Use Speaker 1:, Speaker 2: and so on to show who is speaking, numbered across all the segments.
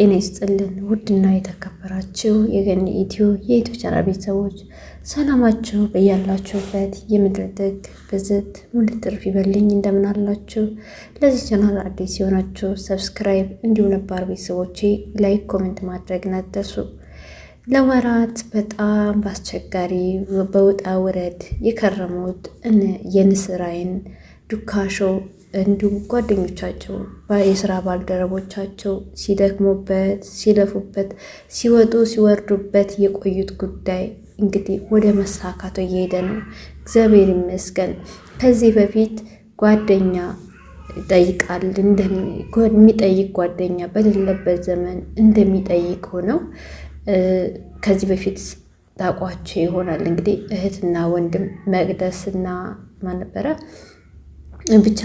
Speaker 1: ጤና ይስጥልን ውድና የተከበራችሁ የገኒ ኢትዮ የኢትዮ ቻናል ቤተሰቦች ሰላማችሁ በያላችሁበት የምድር ጥግ ብዝት ሙሉ ትርፍ ይበልኝ። እንደምን አላችሁ? ለዚህ ቻናል አዲስ ሲሆናችሁ ሰብስክራይብ፣ እንዲሁም ነባር ቤተሰቦቼ ላይክ፣ ኮሜንት ማድረግ ነደሱ። ለወራት በጣም በአስቸጋሪ በውጣ ውረድ የከረሙት የንስር አይን ዱካ ሾው እንዲሁም ጓደኞቻቸው የስራ ባልደረቦቻቸው ሲደክሙበት ሲለፉበት ሲወጡ ሲወርዱበት የቆዩት ጉዳይ እንግዲህ ወደ መሳካቱ እየሄደ ነው። እግዚአብሔር ይመስገን። ከዚህ በፊት ጓደኛ ይጠይቃል የሚጠይቅ ጓደኛ በሌለበት ዘመን እንደሚጠይቅ ሆነው ከዚህ በፊት ታውቋቸው ይሆናል እንግዲህ እህትና ወንድም መቅደስና ማን ነበረ ብቻ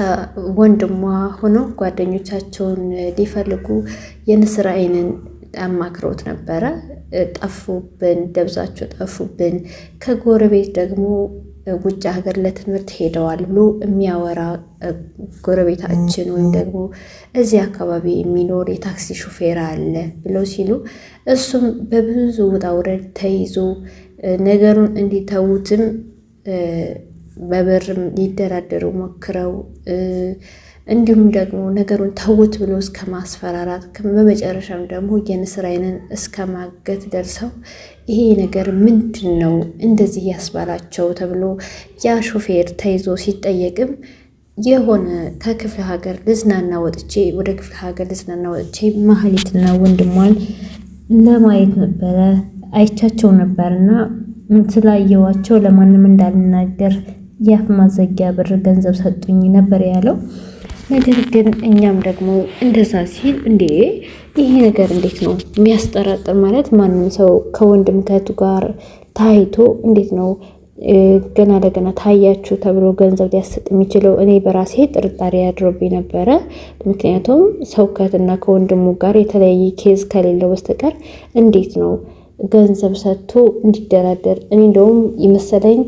Speaker 1: ወንድሟ ሆኖ ጓደኞቻቸውን ሊፈልጉ የንስር አይንን አማክሮት ነበረ። ጠፉብን፣ ደብዛቸው ጠፉብን፣ ከጎረቤት ደግሞ ውጭ ሀገር ለትምህርት ሄደዋል ብሎ የሚያወራ ጎረቤታችን ወይም ደግሞ እዚህ አካባቢ የሚኖር የታክሲ ሹፌር አለ ብለው ሲሉ እሱም በብዙ ውጣ ውረድ ተይዞ ነገሩን እንዲተዉትም በብርም ሊደራደሩ ሞክረው እንዲሁም ደግሞ ነገሩን ተውት ብሎ እስከ ማስፈራራት በመጨረሻም ደግሞ የንስር አይንን እስከ ማገት ደርሰው ይሄ ነገር ምንድን ነው እንደዚህ ያስባላቸው ተብሎ ያ ሾፌር ተይዞ ሲጠየቅም የሆነ ከክፍለ ሀገር ልዝናና ወጥቼ ወደ ክፍለ ሀገር ልዝናና ወጥቼ ማህሌትና ወንድሟን ለማየት ነበረ አይቻቸው ነበርና ስላየዋቸው ለማንም እንዳልናገር የአፍ ማዘጊያ ብር ገንዘብ ሰጡኝ ነበር ያለው። ነገር ግን እኛም ደግሞ እንደዛ ሲል እንዴ ይሄ ነገር እንዴት ነው የሚያስጠራጥር? ማለት ማንም ሰው ከወንድም ከቱ ጋር ታይቶ እንዴት ነው ገና ለገና ታያችሁ ተብሎ ገንዘብ ሊያሰጥ የሚችለው? እኔ በራሴ ጥርጣሬ ያድሮብኝ ነበረ። ምክንያቱም ሰው ከወንድሙ ጋር የተለያየ ኬዝ ከሌለው በስተቀር እንዴት ነው ገንዘብ ሰጥቶ እንዲደራደር? እኔ እንደውም ይመሰለኝ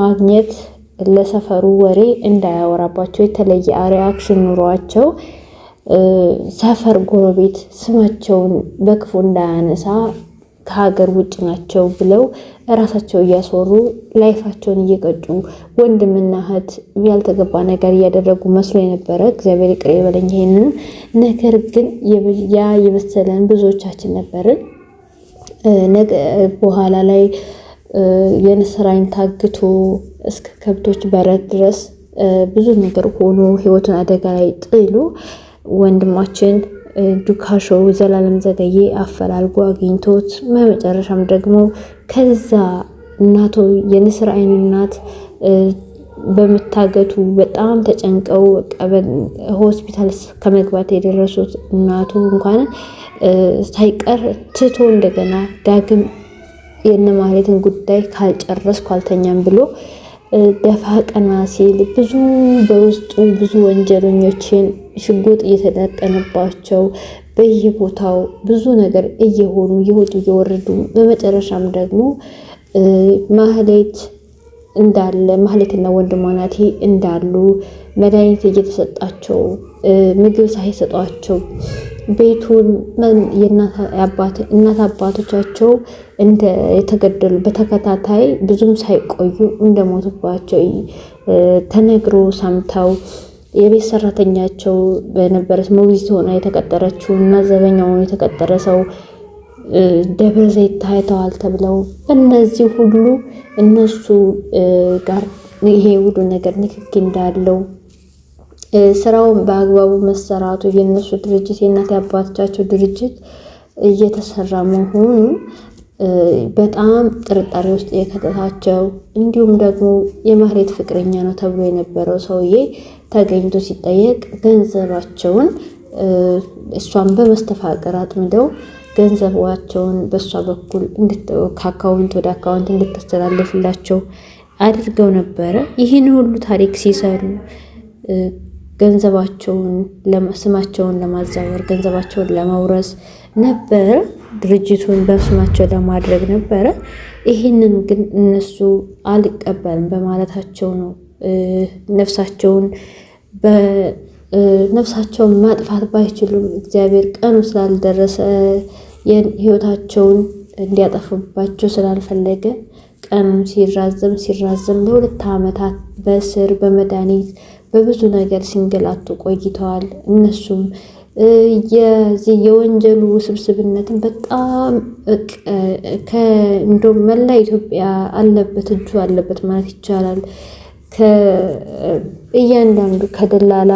Speaker 1: ማግኘት ለሰፈሩ ወሬ እንዳያወራባቸው የተለየ ሪያክሽን ኑሯቸው ሰፈር ጎረቤት ስማቸውን በክፉ እንዳያነሳ ከሀገር ውጭ ናቸው ብለው እራሳቸው እያስወሩ ላይፋቸውን እየቀጩ ወንድምና እህት ያልተገባ ነገር እያደረጉ መስሎ የነበረ እግዚአብሔር ይቅር ይበለኝ ይሄንን ነገር ግን ያ የመሰለን ብዙዎቻችን ነበርን። በኋላ ላይ የንስራይን ታግቶ እስከ ከብቶች በረት ድረስ ብዙ ነገር ሆኖ ህይወቱን አደጋ ላይ ጥሎ ወንድማችን ዱካሾ ዘላለም ዘገዬ አፈላልጎ አግኝቶት በመጨረሻም ደግሞ ከዛ እናቶ የንስር አይን እናት በመታገቱ በጣም ተጨንቀው ሆስፒታል ከመግባት የደረሱት እናቱ እንኳን ሳይቀር ትቶ እንደገና ዳግም የነ ማህሌትን ጉዳይ ካልጨረስኩ አልተኛም ብሎ ደፋ ቀና ሲል ብዙ በውስጡ ብዙ ወንጀለኞችን ሽጉጥ እየተጠቀመባቸው በየቦታው ብዙ ነገር እየሆኑ እየወጡ እየወረዱ በመጨረሻም ደግሞ ማህሌት እንዳለ ማህሌትና ወንድሟ ናቲ እንዳሉ መድኃኒት እየተሰጣቸው ምግብ ሳይሰጧቸው ቤቱን ምን እናት አባቶቻቸው የተገደሉ በተከታታይ ብዙም ሳይቆዩ እንደሞቱባቸው ተነግሮ ሰምተው የቤት ሰራተኛቸው በነበረች ሞግዚት ሆና የተቀጠረችው እና ዘበኛውን የተቀጠረ ሰው ደብረ ዘይት ታይተዋል ተብለው በእነዚህ ሁሉ እነሱ ጋር ይሄ ሁሉ ነገር ንክኪ እንዳለው ስራውን በአግባቡ መሰራቱ የነሱ ድርጅት የእናት ያባቶቻቸው ድርጅት እየተሰራ መሆኑ በጣም ጥርጣሬ ውስጥ የከተታቸው እንዲሁም ደግሞ የማህሌት ፍቅረኛ ነው ተብሎ የነበረው ሰውዬ ተገኝቶ ሲጠየቅ ገንዘባቸውን እሷን በመስተፋቅር አጥምደው ገንዘባቸውን በእሷ በኩል ከአካውንት ወደ አካውንት እንድታስተላልፍላቸው አድርገው ነበረ። ይህን ሁሉ ታሪክ ሲሰሩ ገንዘባቸውን ስማቸውን ለማዛወር ገንዘባቸውን ለመውረስ ነበረ፣ ድርጅቱን በስማቸው ለማድረግ ነበረ። ይህንን ግን እነሱ አልቀበልም በማለታቸው ነው ነፍሳቸውን ነፍሳቸውን ማጥፋት ባይችሉም እግዚአብሔር ቀኑ ስላልደረሰ ህይወታቸውን እንዲያጠፉባቸው ስላልፈለገ ቀኑ ሲራዘም ሲራዘም ለሁለት ዓመታት በእስር በመድኃኒት በብዙ ነገር ሲንገላቱ ቆይተዋል። እነሱም የዚህ የወንጀሉ ውስብስብነትን በጣም እንደውም መላ ኢትዮጵያ አለበት እጁ አለበት ማለት ይቻላል። እያንዳንዱ ከደላላ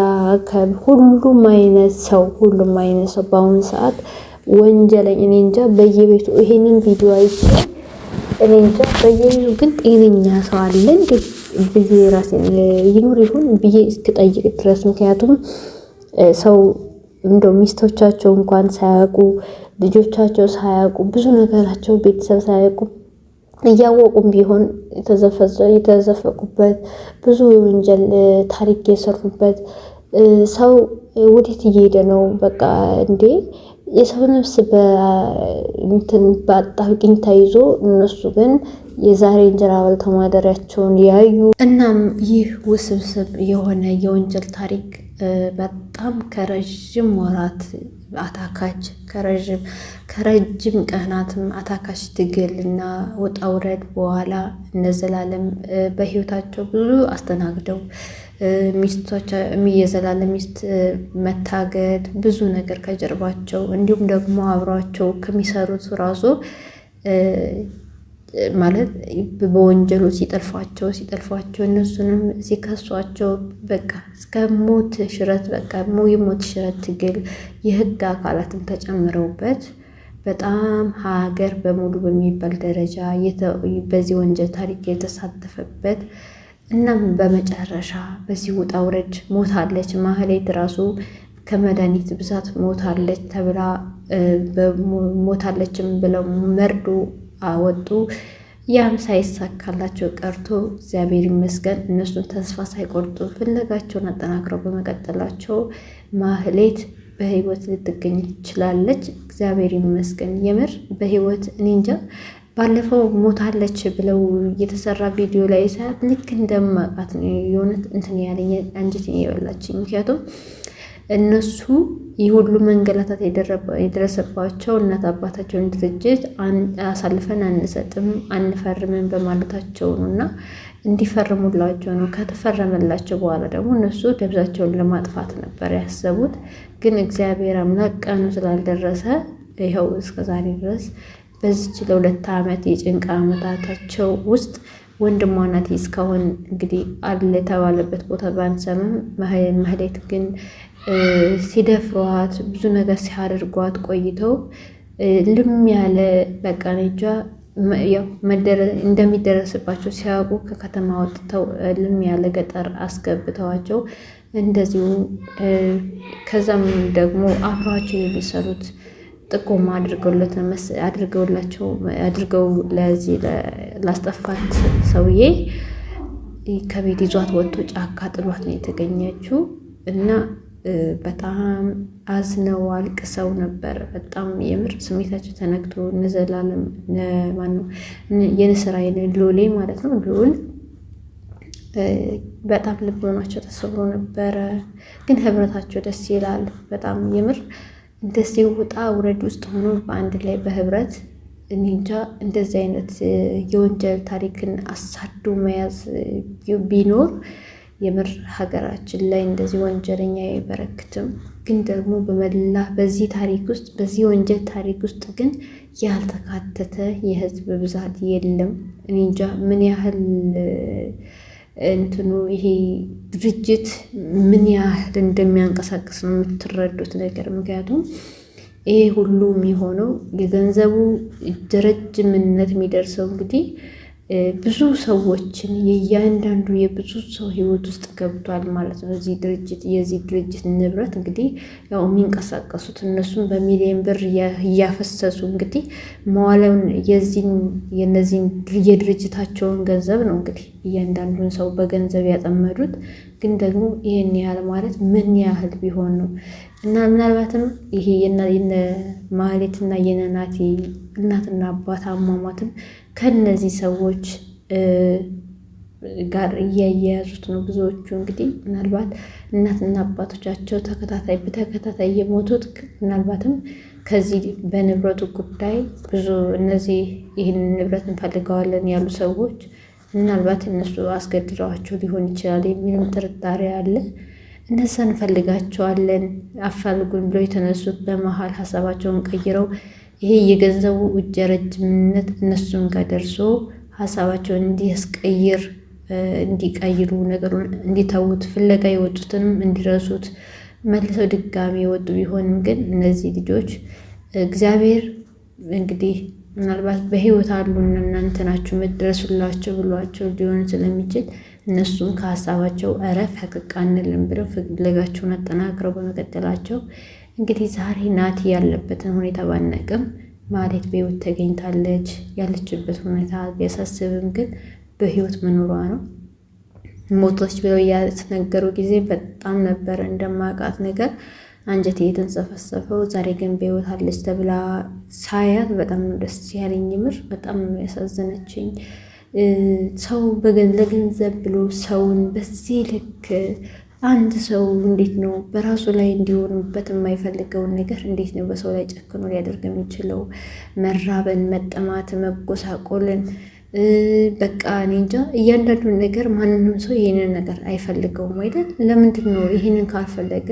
Speaker 1: ሁሉም አይነት ሰው ሁሉም አይነት ሰው በአሁኑ ሰዓት ወንጀለኝ እኔ እንጃ በየቤቱ ይሄንን ቪዲዮ አይቼ እኔ እንጃ በየቤቱ ግን ጤነኛ ሰው አለ እንዴ? ብዬ ራሴን ይኑር ይሁን ብዬ እስክጠይቅ ድረስ ምክንያቱም ሰው እንደው ሚስቶቻቸው እንኳን ሳያውቁ ልጆቻቸው ሳያውቁ ብዙ ነገራቸው ቤተሰብ ሳያውቁ እያወቁም ቢሆን የተዘፈቁበት ብዙ ወንጀል ታሪክ የሰሩበት ሰው ወዴት እየሄደ ነው? በቃ እንዴ የሰው ነፍስ በእንትን በአጣብቂኝ ተይዞ እነሱ ግን የዛሬ እንጀራ በልተው ማደሪያቸውን ያዩ። እናም ይህ ውስብስብ የሆነ የወንጀል ታሪክ በጣም ከረዥም ወራት አታካች ከረዥም ከረጅም ቀናትም አታካች ትግል እና ውጣ ውረድ በኋላ እነ ዘላለም በህይወታቸው ብዙ አስተናግደው ሚስቶች የሚየዘላለ ሚስት መታገድ ብዙ ነገር ከጀርባቸው እንዲሁም ደግሞ አብሯቸው ከሚሰሩት ራሱ ማለት በወንጀሉ ሲጠልፏቸው ሲጠልፏቸው እነሱንም ሲከሷቸው በቃ እስከ ሞት ሽረት በቃ የሞት ሽረት ትግል የህግ አካላትን ተጨምረውበት በጣም ሀገር በሙሉ በሚባል ደረጃ በዚህ ወንጀል ታሪክ የተሳተፈበት እናም በመጨረሻ በዚህ ውጣ ውረድ ሞታለች። ማህሌት ራሱ ከመድኃኒት ብዛት ሞታለች ተብላ ሞታለችም ብለው መርዶ አወጡ። ያም ሳይሳካላቸው ቀርቶ እግዚአብሔር ይመስገን እነሱን ተስፋ ሳይቆርጡ ፍለጋቸውን አጠናክረው በመቀጠላቸው ማህሌት በህይወት ልትገኝ ትችላለች። እግዚአብሔር ይመስገን የምር በህይወት እኔ እንጃ ባለፈው ሞታለች ብለው የተሰራ ቪዲዮ ላይ ሳያት ልክ እንደማውቃት ነው የሆነት እንትን ያለኝ አንጀቴን የበላችኝ። ምክንያቱም እነሱ ይህ ሁሉ መንገላታት የደረሰባቸው እናት አባታቸውን ድርጅት አሳልፈን አንሰጥም አንፈርምም በማለታቸው ነው እና እንዲፈርሙላቸው ነው። ከተፈረመላቸው በኋላ ደግሞ እነሱ ደብዛቸውን ለማጥፋት ነበር ያሰቡት። ግን እግዚአብሔር አምላክ ቀኑ ስላልደረሰ ይኸው እስከዛሬ ድረስ በዚች ለሁለት ዓመት የጭንቅ ዓመታታቸው ውስጥ ወንድሟ ናት እስካሁን እንግዲህ አለ የተባለበት ቦታ ባንሰምም ማህሌት ግን ሲደፍሯት ብዙ ነገር ሲያደርጓት ቆይተው ልም ያለ በቃ ነጃ እንደሚደረስባቸው ሲያውቁ ከከተማ ወጥተው ልም ያለ ገጠር አስገብተዋቸው እንደዚሁ ከዛም ደግሞ አብሯቸው የሚሰሩት ጥቆማ አድርገውላቸው አድርገው ለዚህ ላስጠፋት ሰውዬ ከቤት ይዟት ወጥቶ ጫካ ጥሏት ነው የተገኘችው እና በጣም አዝነው አልቅሰው ነበር። በጣም የምር ስሜታቸው ተነግቶ እነዘላለም ማነው የንስራ ሎሌ ማለት ነው ልዑል በጣም ልቦናቸው ተሰብሮ ነበረ። ግን ህብረታቸው ደስ ይላል በጣም የምር እንደዚህ ውጣ ውረድ ውስጥ ሆኖ በአንድ ላይ በህብረት እኔ እንጃ እንደዚህ አይነት የወንጀል ታሪክን አሳዶ መያዝ ቢኖር የምር ሀገራችን ላይ እንደዚህ ወንጀለኛ አይበረክትም። ግን ደግሞ በመላ በዚህ ታሪክ ውስጥ በዚህ ወንጀል ታሪክ ውስጥ ግን ያልተካተተ የህዝብ ብዛት የለም። እኔ እንጃ ምን ያህል እንትኑ ይሄ ድርጅት ምን ያህል እንደሚያንቀሳቅስ ነው የምትረዱት ነገር። ምክንያቱም ይሄ ሁሉ የሚሆነው የገንዘቡ ደረጅምነት የሚደርሰው እንግዲህ ብዙ ሰዎችን የእያንዳንዱ የብዙ ሰው ህይወት ውስጥ ገብቷል ማለት ነው። እዚህ ድርጅት የዚህ ድርጅት ንብረት እንግዲህ ያው የሚንቀሳቀሱት እነሱም በሚሊዮን ብር እያፈሰሱ እንግዲህ መዋለውን የዚህን የነዚህን የድርጅታቸውን ገንዘብ ነው እንግዲህ እያንዳንዱን ሰው በገንዘብ ያጠመዱት። ግን ደግሞ ይህን ያህል ማለት ምን ያህል ቢሆን ነው? እና ምናልባትም ይሄ ማህሌትና የነናቲ እናትና አባት አሟሟትም ከነዚህ ሰዎች ጋር እያያያዙት ነው። ብዙዎቹ እንግዲህ ምናልባት እናትና አባቶቻቸው ተከታታይ በተከታታይ የሞቱት ምናልባትም ከዚህ በንብረቱ ጉዳይ ብዙ እነዚህ ይህን ንብረት እንፈልገዋለን ያሉ ሰዎች ምናልባት እነሱ አስገድለዋቸው ሊሆን ይችላል የሚልም ጥርጣሬ አለ። እነሳ እንፈልጋቸዋለን አፋልጉን ብለው የተነሱት በመሀል ሀሳባቸውን ቀይረው ይሄ የገንዘቡ እጀ ረጅምነት እነሱም ጋር ደርሶ ሀሳባቸውን እንዲያስቀይር እንዲቀይሩ ነገሩን እንዲተዉት ፍለጋ የወጡትንም እንዲረሱት መልሰው ድጋሚ የወጡ ቢሆንም ግን እነዚህ ልጆች እግዚአብሔር እንግዲህ ምናልባት በህይወት አሉ እናንተ ናችሁ መድረሱላቸው ብሏቸው ሊሆን ስለሚችል እነሱም ከሀሳባቸው እረ ፈቅቅ አንልም ብለው ፍለጋቸውን አጠናክረው በመቀጠላቸው እንግዲህ ዛሬ ናቲ ያለበትን ሁኔታ ባነቅም ማለት በህይወት ተገኝታለች። ያለችበት ሁኔታ ቢያሳስብም ግን በህይወት መኖሯ ነው። ሞቶች ብለው ያስነገሩ ጊዜ በጣም ነበረ እንደማውቃት ነገር አንጀቴ የተንሰፈሰፈው። ዛሬ ግን በሕይወት ተብላ ሳያት በጣም ደስ ያለኝ። ምር በጣም ያሳዘነችኝ ሰው ለገንዘብ ብሎ ሰውን በዚህ ልክ አንድ ሰው እንዴት ነው በራሱ ላይ እንዲሆንበት የማይፈልገውን ነገር እንዴት ነው በሰው ላይ ጨክኖ ሊያደርግ የሚችለው? መራብን፣ መጠማት፣ መጎሳቆልን በቃ እኔ እንጃ። እያንዳንዱን ነገር ማንንም ሰው ይህንን ነገር አይፈልገውም አይደል? ለምንድን ነው ይህንን ካልፈለገ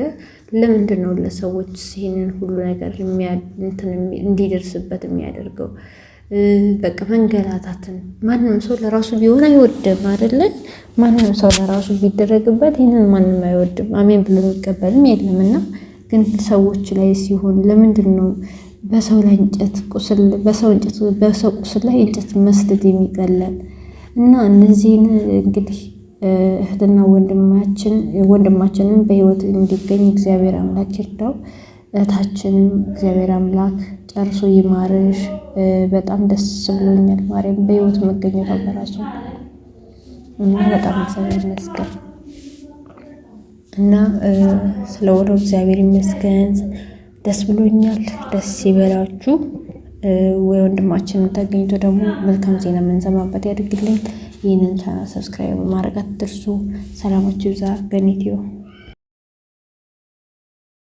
Speaker 1: ለምንድን ነው ለሰዎች ይህንን ሁሉ ነገር እንዲደርስበት የሚያደርገው? በቃ መንገላታትን ማንም ሰው ለራሱ ቢሆን አይወድም አይደለን? ማንም ሰው ለራሱ ቢደረግበት ይህንን ማንም አይወድም፣ አሜን ብሎ የሚቀበልም የለምና፣ ግን ሰዎች ላይ ሲሆን ለምንድን ነው በሰው ላይ እንጨት ቁስል በሰው እንጨት በሰው ቁስል ላይ እንጨት መስደድ የሚቀለን እና እነዚህን እንግዲህ እህትና ወንድማችን ወንድማችንን በህይወት እንዲገኝ እግዚአብሔር አምላክ ይርዳው። እህታችንም እግዚአብሔር አምላክ ጨርሶ ይማርሽ። በጣም ደስ ብሎኛል ማርያም በህይወት መገኘቷ በራሱ እና በጣም እግዚአብሔር ይመስገን እና ስለሆነው እግዚአብሔር ይመስገን። ደስ ብሎኛል። ደስ ይበላችሁ። ወንድማችን ተገኝቶ ደግሞ መልካም ዜና የምንሰማበት ያድርግልኝ። ይህንን ሰብስክራይብ ማድረግ አትርሱ። ሰላማችሁ ይብዛ። ገኒቲዮ